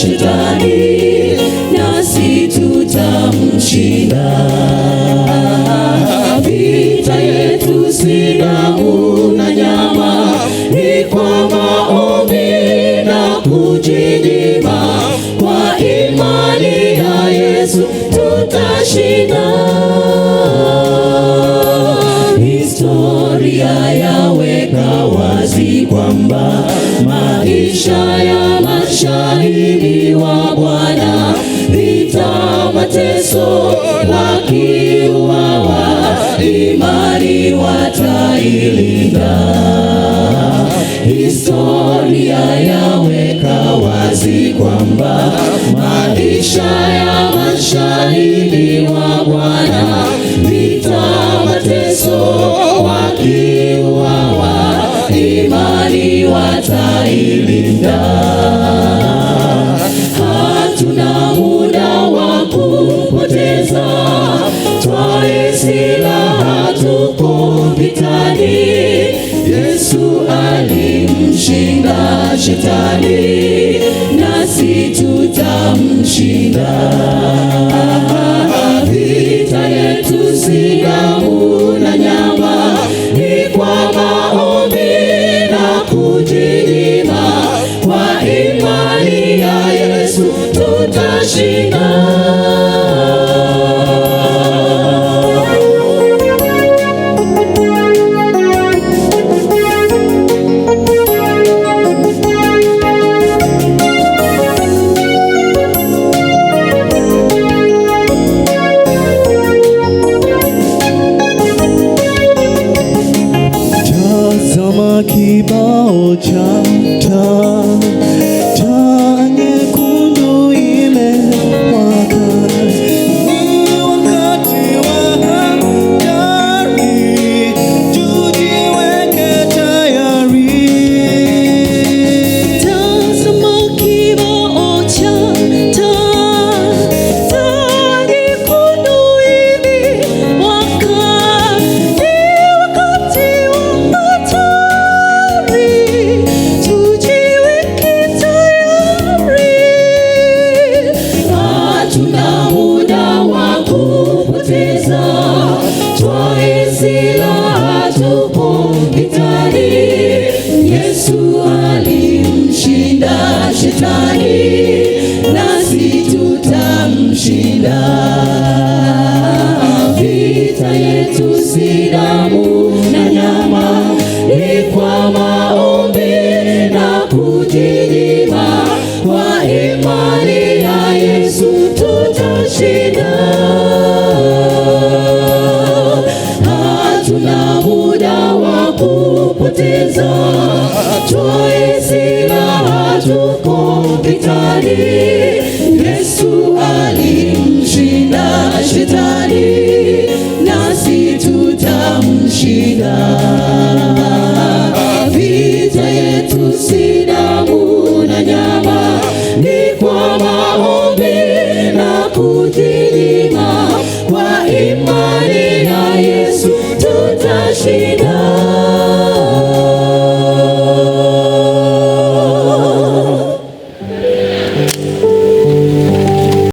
shetani nasi tutamshinda. Vita yetu si damu na nyama, ni kwa maombi na kujinyima. Kwa imani ya Yesu tutashinda. Historia yaweka wazi kwamba maisha ya ushahidi wa Bwana, vita, mateso, wakiuawa, imani watailinda. Historia yaweka wazi kwamba maisha ya mashahidi wa Bwana, vita, mateso, wakiuawa, imani watailinda. na shetani, nasi tutamshinda. chẳng thấu alimshinda Shetani, nasi tutamshinda. Vita yetu si damu shetani, Yesu alimshinda shetani, nasi tutamshinda.